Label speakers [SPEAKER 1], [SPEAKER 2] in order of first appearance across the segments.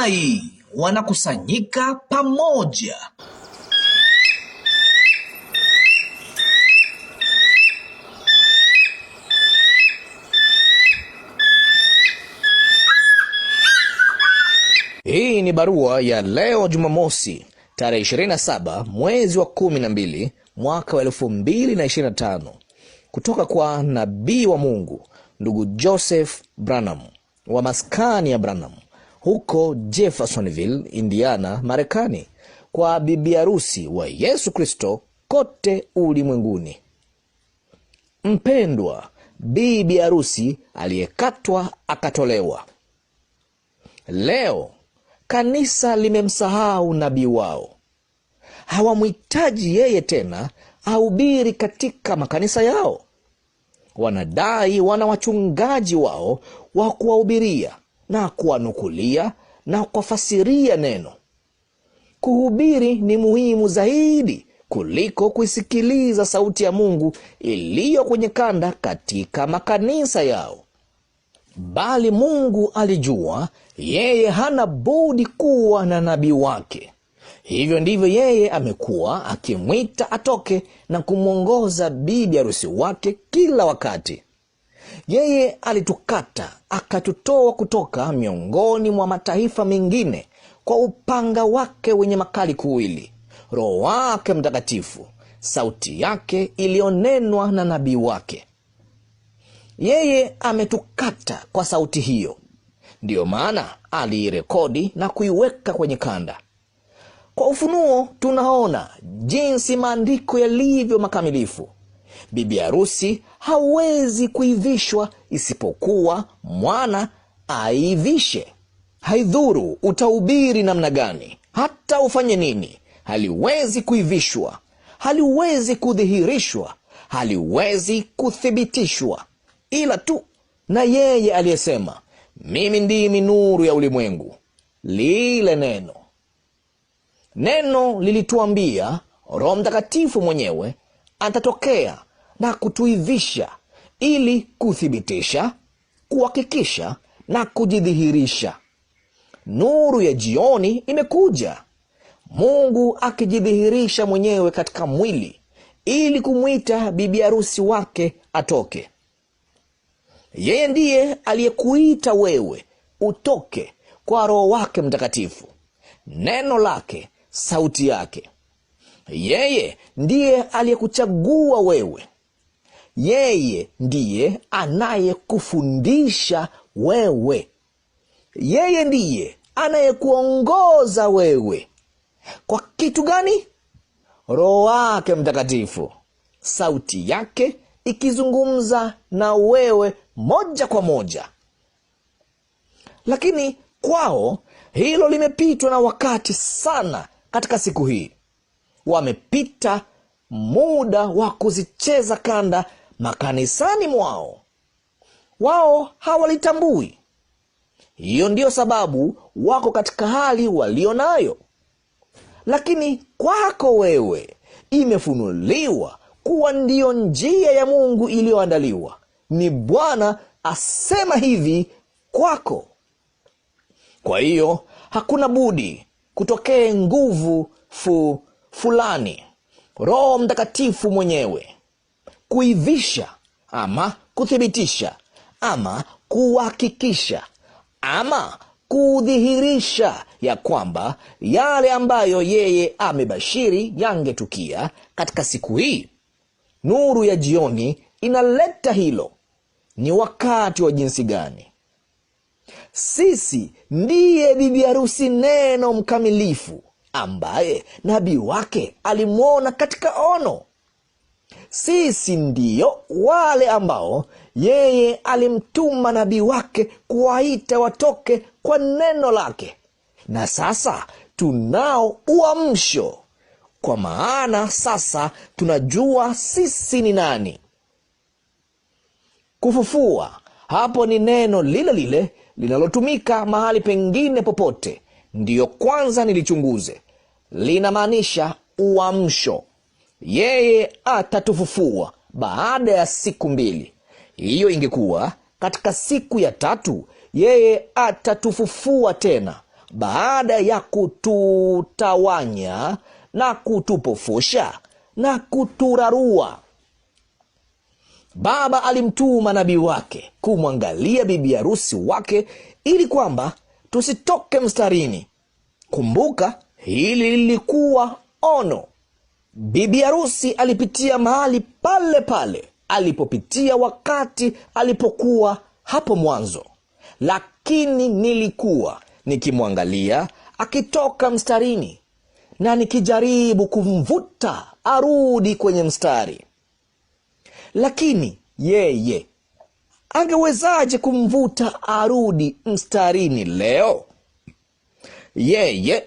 [SPEAKER 1] hai wanakusanyika pamoja. Hii ni barua ya leo Jumamosi tarehe 27 mwezi wa 12 mwaka wa 2025 kutoka kwa nabii wa Mungu ndugu Joseph Branham wa maskani ya Branham huko Jeffersonville, Indiana, Marekani, kwa bibi harusi wa Yesu Kristo kote ulimwenguni. Mpendwa bibi harusi aliyekatwa akatolewa. Leo kanisa limemsahau nabii wao, hawamhitaji yeye tena ahubiri katika makanisa yao. Wanadai wana wachungaji wao wa kuwahubiria, na kuwanukulia na kuwafasiria neno. Kuhubiri ni muhimu zaidi kuliko kuisikiliza sauti ya Mungu iliyo kwenye kanda katika makanisa yao, bali Mungu alijua yeye hana budi kuwa na nabii wake. Hivyo ndivyo yeye amekuwa akimwita atoke na kumwongoza bibi harusi wake kila wakati. Yeye alitukata akatutoa kutoka miongoni mwa mataifa mengine kwa upanga wake wenye makali kuwili, Roho wake Mtakatifu, sauti yake iliyonenwa na nabii wake. Yeye ametukata kwa sauti hiyo, ndiyo maana aliirekodi na kuiweka kwenye kanda. Kwa ufunuo tunaona jinsi maandiko yalivyo makamilifu. Bibi harusi hawezi kuivishwa isipokuwa mwana aivishe. Haidhuru utahubiri namna gani, hata ufanye nini, haliwezi kuivishwa, haliwezi kudhihirishwa, haliwezi kuthibitishwa, ila tu na yeye aliyesema, mimi ndimi nuru ya ulimwengu. Lile neno neno lilituambia Roho Mtakatifu mwenyewe atatokea na kutuivisha ili kuthibitisha, kuhakikisha na kujidhihirisha. Nuru ya jioni imekuja, Mungu akijidhihirisha mwenyewe katika mwili ili kumwita bibi harusi wake atoke. Yeye ndiye aliyekuita wewe utoke kwa Roho wake Mtakatifu, neno lake, sauti yake. Yeye ndiye aliyekuchagua wewe yeye ndiye anayekufundisha wewe, yeye ndiye anayekuongoza wewe kwa kitu gani? Roho wake Mtakatifu, sauti yake ikizungumza na wewe moja kwa moja. Lakini kwao hilo limepitwa na wakati sana. Katika siku hii wamepita muda wa kuzicheza kanda makanisani mwao. Wao hawalitambui. Hiyo ndiyo sababu wako katika hali walio nayo, lakini kwako wewe imefunuliwa kuwa ndiyo njia ya Mungu iliyoandaliwa. Ni Bwana asema hivi kwako. Kwa hiyo hakuna budi kutokee nguvu fu fulani, Roho Mtakatifu mwenyewe kuivisha ama kuthibitisha ama kuhakikisha ama kudhihirisha ya kwamba yale ambayo yeye amebashiri yangetukia katika siku hii. Nuru ya jioni inaleta hilo. Ni wakati wa jinsi gani? Sisi ndiye bibi harusi neno mkamilifu ambaye nabii wake alimwona katika ono. Sisi ndiyo wale ambao yeye alimtuma nabii wake kuwaita watoke kwa neno lake, na sasa tunao uamsho, kwa maana sasa tunajua sisi ni nani. Kufufua hapo ni neno lile lile linalotumika mahali pengine popote, ndiyo kwanza nilichunguze, linamaanisha uamsho yeye atatufufua baada ya siku mbili. Hiyo ingekuwa katika siku ya tatu, yeye atatufufua tena baada ya kututawanya na kutupofusha na kuturarua. Baba alimtuma nabii wake kumwangalia bibi harusi wake ili kwamba tusitoke mstarini. Kumbuka, hili lilikuwa ono. Bibi harusi alipitia mahali pale pale alipopitia wakati alipokuwa hapo mwanzo, lakini nilikuwa nikimwangalia akitoka mstarini na nikijaribu kumvuta arudi kwenye mstari, lakini yeye angewezaje kumvuta arudi mstarini leo? Yeye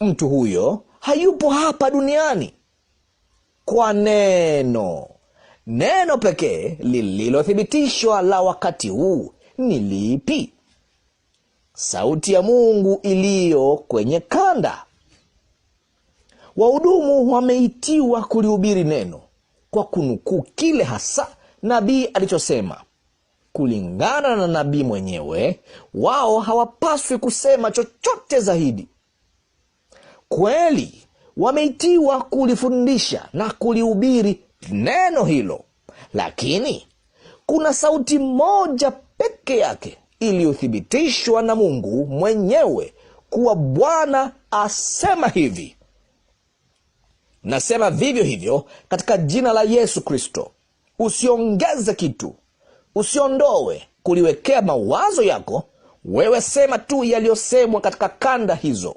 [SPEAKER 1] mtu huyo hayupo hapa duniani kwa neno. Neno pekee lililothibitishwa la wakati huu ni lipi? Sauti ya Mungu iliyo kwenye kanda. Wahudumu wameitiwa kulihubiri neno kwa kunukuu kile hasa nabii alichosema. Kulingana na nabii mwenyewe, wao hawapaswi kusema chochote zaidi. Kweli wameitiwa kulifundisha na kulihubiri neno hilo, lakini kuna sauti moja peke yake iliyothibitishwa na Mungu mwenyewe kuwa Bwana asema hivi. Nasema vivyo hivyo katika jina la Yesu Kristo, usiongeze kitu, usiondoe kuliwekea mawazo yako. Wewe sema tu yaliyosemwa katika kanda hizo,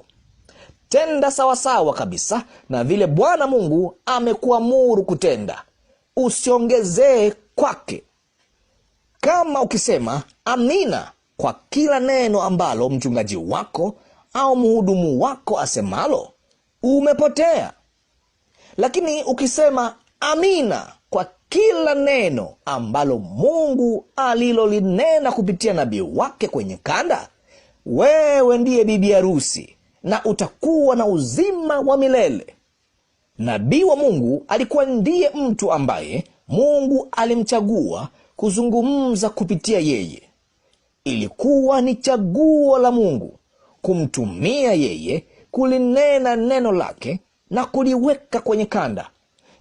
[SPEAKER 1] Tenda sawasawa kabisa na vile Bwana Mungu amekuamuru kutenda, usiongezee kwake, kama ukisema amina kwa kila neno ambalo mchungaji wako au mhudumu wako asemalo, umepotea. Lakini ukisema amina kwa kila neno ambalo Mungu alilolinena kupitia nabii wake kwenye kanda, wewe ndiye bibi harusi na utakuwa na uzima wa milele. Nabii wa Mungu alikuwa ndiye mtu ambaye Mungu alimchagua kuzungumza kupitia yeye. Ilikuwa ni chaguo la Mungu kumtumia yeye kulinena neno lake na kuliweka kwenye kanda,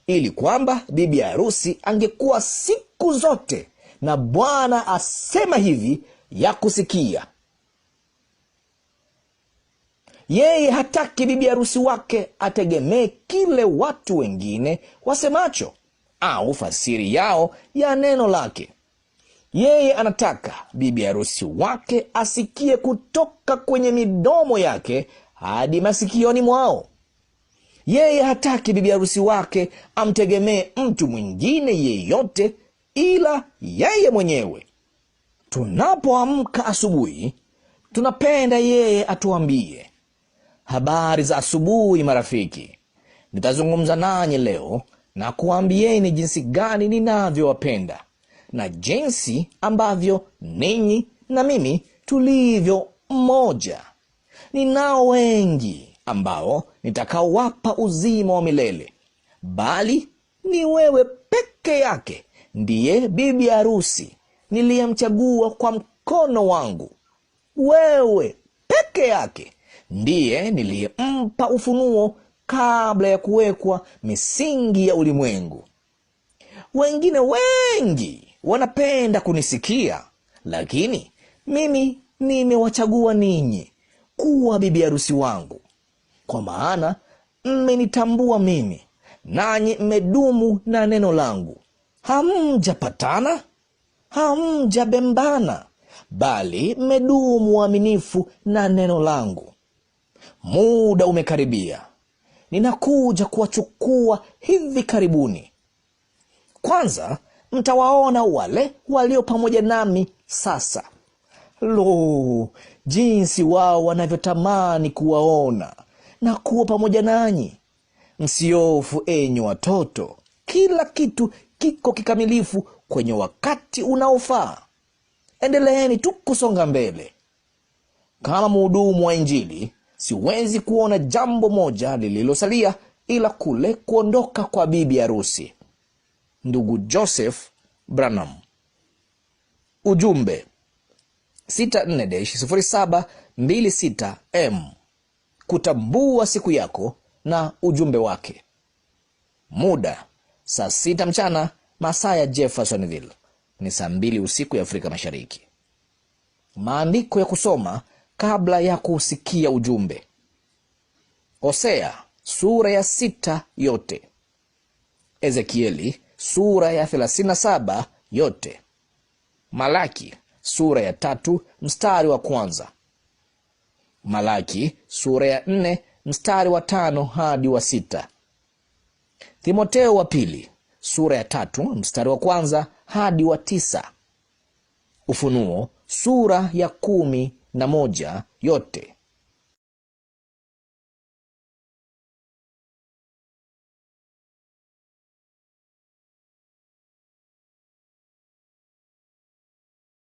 [SPEAKER 1] ili kwamba bibi harusi angekuwa siku zote na Bwana asema hivi ya kusikia. Yeye hataki bibi harusi wake ategemee kile watu wengine wasemacho au fasiri yao ya neno lake. Yeye anataka bibi harusi wake asikie kutoka kwenye midomo yake hadi masikioni mwao. Yeye hataki bibi harusi wake amtegemee mtu mwingine yeyote ila yeye mwenyewe. Tunapoamka asubuhi, tunapenda yeye atuambie Habari za asubuhi marafiki, nitazungumza nanyi leo na kuambieni jinsi gani ninavyowapenda na jinsi ambavyo ninyi na mimi tulivyo mmoja. Ninao wengi ambao nitakaowapa uzima wa milele, bali ni wewe peke yake ndiye bibi harusi niliyemchagua kwa mkono wangu, wewe peke yake ndiye niliyempa ufunuo kabla ya kuwekwa misingi ya ulimwengu. Wengine wengi wanapenda kunisikia, lakini mimi nimewachagua ninyi kuwa bibi harusi wangu, kwa maana mmenitambua mimi, nanyi mmedumu na neno langu. Hamjapatana, hamjabembana, bali mmedumu waaminifu na neno langu muda umekaribia, ninakuja kuwachukua hivi karibuni. Kwanza mtawaona wale walio pamoja nami sasa. Lo, jinsi wao wanavyotamani kuwaona na kuwa pamoja nanyi! Msiofu enyi watoto, kila kitu kiko kikamilifu kwenye wakati unaofaa. Endeleeni tu kusonga mbele. Kama mhudumu wa Injili, siwezi kuona jambo moja lililosalia ila kule kuondoka kwa bibi harusi. Ndugu Joseph Branham. Ujumbe 64-0726M kutambua siku yako na ujumbe wake. Muda saa sita mchana masaa ya Jeffersonville, ni saa mbili usiku ya Afrika Mashariki. Maandiko ya kusoma kabla ya kusikia ujumbe. Hosea sura ya sita yote. Ezekieli sura ya 37 yote. Malaki sura ya tatu mstari wa kwanza. Malaki sura ya nne mstari wa tano hadi wa sita. timoteo wa pili sura ya tatu mstari wa kwanza hadi wa tisa. Ufunuo sura ya kumi na moja yote